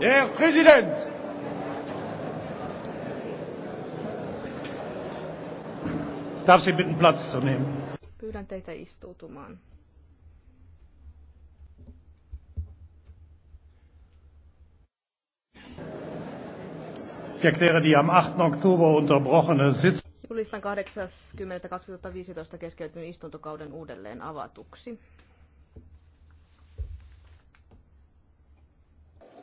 Herr Präsident! Darf Sie bitten, Platz zu nehmen? Pyydän teitä istuutumaan. Ich die am 8. Oktober unterbrochene Sitzung. Julistan 80.2015 keskeytyn istuntokauden uudelleen avatuksi.